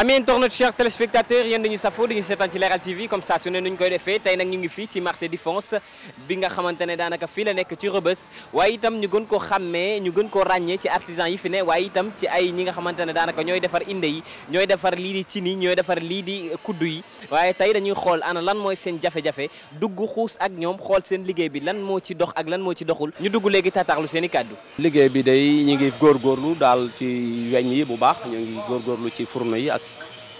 amin internet chers téléspectateurs yéen dañu safo dañu seetaan ci Leral TV comme ça su ne nuñ koy defee tey nag ñu ngi fii ci marché Diff'Once bi nga xamante ne daanaka fii la nekk ci Rebeuss waaye itam ñu gën koo xàmmee ñu gën koo ràññee ci artisan yi fi ne waaye itam ci ay ñi nga xamante ne daanaka ñooy defar inde yi ñooy defar lii di cin ñooy defar lii di kuddu yi waaye tey dañuy xool ana lan mooy seen jafe-jafe dugg xuus ak ñoom xool seen liggéey bi lan moo ci dox ak lan moo ci doxul ñu dugg léegi taataaxlu seen i kàddu liggéey bi day ñu ngi góorgóorlu daal ci weñ yi bu baax ñu ngi góorgóorlu ci fourneau yi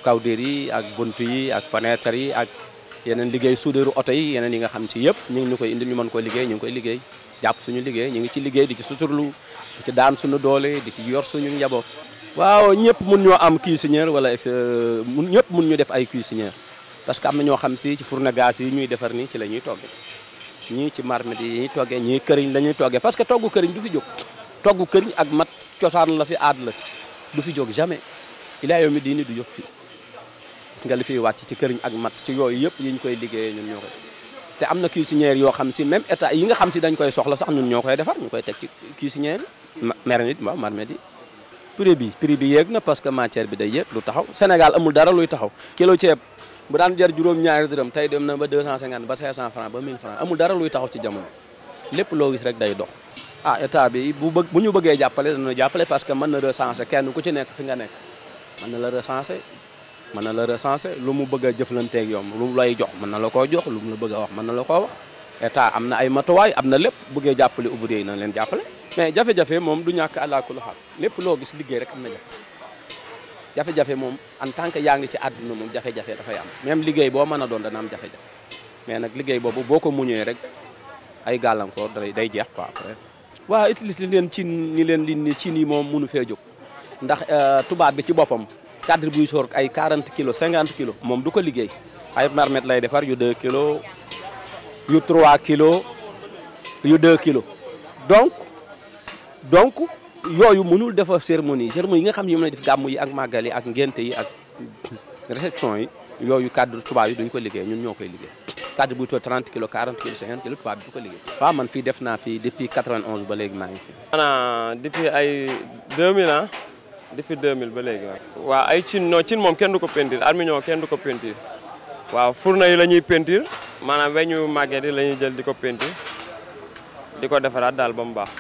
kawdéer yi ak bunt yi ak fenêtre yi ak yeneen liggéey soudéeru oto yi yeneen yi nga xam ci yëpp ñu ngi ñu koy indi ñu mën ko liggéey ñu koy liggéey jàpp suñu liggéey ñu ngi ci liggéey di ci suturlu di ci daan suñu doole di ci yor suñu njaboot. waaw ñëpp mun ñoo am cuisinière wala mun ñëpp mun ñu def ay cuisinière parce que am na ñoo xam si ci fourne gaz yi ñuy defar nii ci la ñuy toggee ñii ci marmite yi ñuy toggee ñii këriñ la ñuy toggee parce que toggu këriñ du fi jóg toggu këriñ ak mat cosaan la fi aad la du fi jóg jamais ilaa yow mi diini du jóg fii gis nga li fiy wàcc ci këriñ ak matt ci yooyu yëpp yi ñu koy liggéeyee ñun ñoo koy te am na cuisinière yoo xam si même état yi nga xam si dañ koy soxla sax ñun ñoo koy defar ñu koy teg ci cuisinière yi marmite waaw marmite yi bi prix bi yéeg na parce que matière bi day luy taxaw kilo ceeb bu daan jar juróom-ñaari dërëm tey dem na ba 250 ba 500 francs ba 1000 francs amul dara luy taxaw ci jamono rek day dox ah état bi bu bëgg bu ñu bëggee jàppale dana jàppale parce que mën na recenser kenn ku ci nekk fi nga nekk mën na la recenser mën na la recenser lu mu bëgg a jëflanteeg yow lu lay jox mën na la koo jox lu mu la bëgg a wax mën na la koo wax état am na ay matuwaay am na lépp bëggee jàppale ouvrier yi na leen jàppale mais jafe-jafe moom du ñàkk àllaakulu xaal lépp loo gis liggéey rek am na jafe jafe moom en tant que yaa ngi ci àdduna moom jafe-jafe dafay am même liggéey boo mën a doon dana am jafe mais nag liggéey boobu boo ko muñee rek ay gàllankoor day day jeex quoi après waa utilis li leen ni leen li ni cin yi moom mënu fee jóg ndax euh, tubaab bi ci boppam cadre buy soor ay 40 kilos 50 kilos moom du ko liggéey ay marmette lay defar yu de kilo yu 3 kilo yu de kilos donc donc yooyu mënul defar cérémonie cérémonie yi nga xam ne yi mën yi ak màggal yi ak ngénte yi ak réception yi yooyu cadre tubaab yi duñ ko liggéey ñun ñoo koy liggéey cadre buy toog 30 kilos 40 kilos 50 kilos tubaab bi du ko liggéey waaw man fii def naa fii depuis 91 ba léegi maa ngi fi depuis ay 2000 depuis 2000 ba léegi waa waaw ay cin non cin moom kenn du ko peintir aluminium kenn du ko peintir waaw fourneau yi la ñuy peintir maanaam weñu màgget yi la ñuy jël di ko peintir di ko defaraat daal ba mu baax.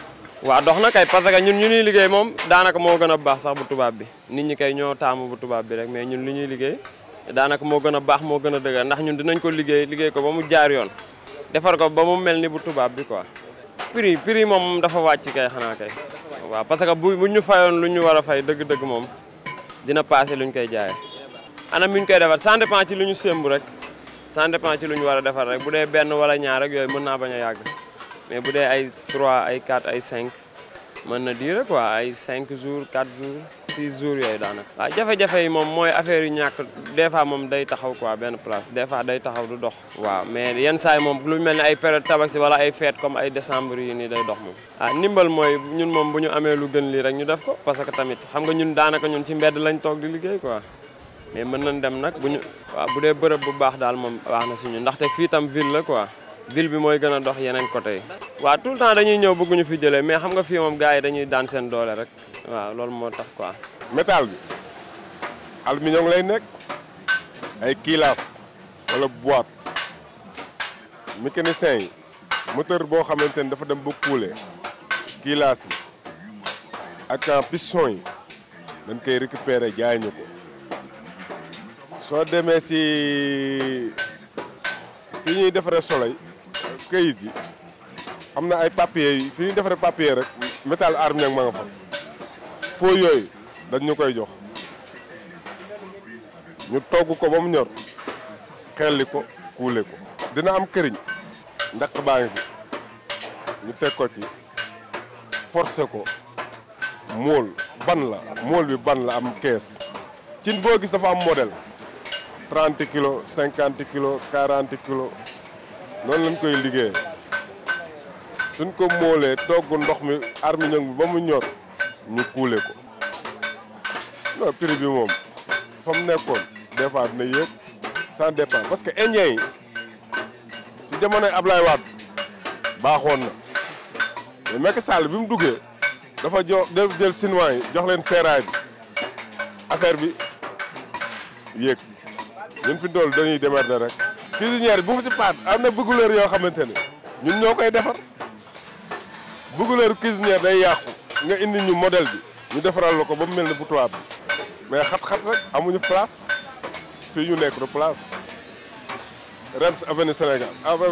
waaw dox na kay parce que ñun ñu ñuy liggéey moom daanaka moo gën a baax sax bu tubaab bi nit ñi kay ñoo taamu bu tubaab bi rek mais ñun li ñuy liggéey daanaka moo gën a baax moo gën a dëgër ndax ñun dinañ ko liggéey liggéey ko ba mu jaar yoon defar ko ba mu mel ni bu tubaab bi quoi prix prix moom dafa wàcc kay xanaa kay. waaw parce que bu bu ñu fayoon lu ñu war a fay dëgg-dëgg moom dina paase lu ñu koy jaayee. anam bi ñu koy defar ça dépend ci lu ñu sémb rek ça dépend lu ñu war a defar rek bu dee benn wala ñaar rek yooyu mën naa bañ a yàgg mais bu dee ay trois ay 4 ay cinq mën na dire quoi ay cinq jours 4 jours. si jours yooyu daanaka. waaw jafe-jafe moom mooy affaire yu ñàkk des fois moom day taxaw quoi benn place des fois day taxaw du dox. waaw mais yenn saa moom lu mel ni ay période tabaski wala ay feet comme ay décembre yi nii day dox moom. ah mooy ñun moom bu ñu amee lu gën lii rek ñu def ko parce que tamit xam nga ñun daanaka ñun ci mbedd lañ toog di liggéey quoi. mais mën nañ dem nag bu ñu. bu dee bërëb bu baax daal moom baax na si ñun ndaxte fii tam ville la quoi. ville bi mooy gën a dox yeneen côté waa waaw tout le temps dañuy ñëw bëgguñu fi jële mais xam nga fi moom gars yi dañuy daan seen doole rek waaw loolu moo tax quoi. métal bi aluminium lay nekk ay kilaas wala boîte mécanicien yi moteur boo xamante ni dafa dem bu kuule kilaas yi ak piston yi dañ koy récupérer jaay ñu ko soo demee si fi ñuy defaree soleil. kayit yi am na ay papier yi fi ñuy defaree papier rek métal arme nag ma nga fa foo yooyu dañ ñu koy jox ñu togg ko ba mu ñor xelli ko kuule ko dina am këriñ ndax baa ngi fi ñu teg ko ci forcé ko mool ban la mool bi ban la am kees cin boo gis dafa am modèle 30 kilo cinquante kilo 40 kilo noonu lañ koy liggéey suñ ko móolee togg ndox mi armiñon ba mu ñor ñu kuule ko non prix bi moom fa mu nekkoon des fois dina yéeg sans dépend parce que indien yi si jamonoy Ablaye Wade baaxoon na mais Macky Sall bi mu duggee dafa jox jël chinois yi jox leen ferraille bi affaire bi yéeg ñun fi dool dañuy démerder rek cuisinière bu mu ci paat am na bëgguleer yoo xamante ni ñun ñoo defar bëgguleer cuisinière day yàqu nga indi ñu modèle bi ñu defaral la ko ba mu mel ne bu mais xat-xat rek amuñu place ñu nekk du place Rems avenue Sénégal xaw ma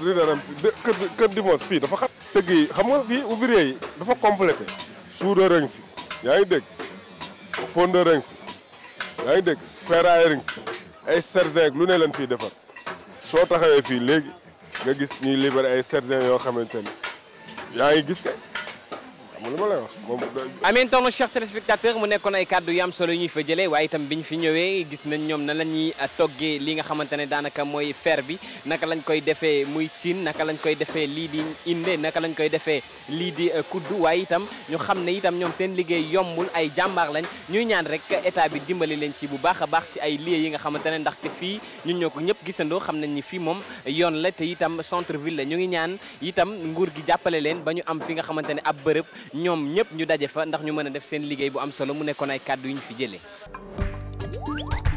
rue de Rems kër kër fii dafa xat tëgg yi xam nga fii ouvrier yi dafa complété soudeur rëng fi yaa ngi dégg fondeur rëng fi yaa ngi dégg ferraille rëng ay sergent lu ne leen fii defar soo taxawee fii léegi nga gis ñuy libéré ay sergents yoo xamante ni yaa ngi gis kay. amul lu ma lay wax moom. amiin toog chers mu nekkoon ay kàddu yu am solo yu ñuy fa jëlee waaye itam bi ñu fi ñëwee gis nañ ñoom na la ñuy euh, toggee li nga xamante ne daanaka mooy fer bi naka lañ koy defee muy cin naka lañ koy defee lii di inde naka lañ koy defee lii di euh, kuddu waaye itam ñu xam ne itam ñoom seen liggéey yombul ay jàmbaar lañ ñuy ñaan rek état bi dimbali leen ci bu baax a baax ci ay lieux yi nga xamante ne ndaxte fii ñu ñoo ko ñëpp gisandoo xam nañ ni fii moom yoon la itam centre ville la ñu ngi ñaan itam nguur gi jàppale leen ba ñu am fi nga xamante ne ab bërëb ñoom ñëpp ñu daje fa ndax ñu mën a def seen liggéey bu am solo mu nekkoon ay kàddu yu ñu fi jëlee.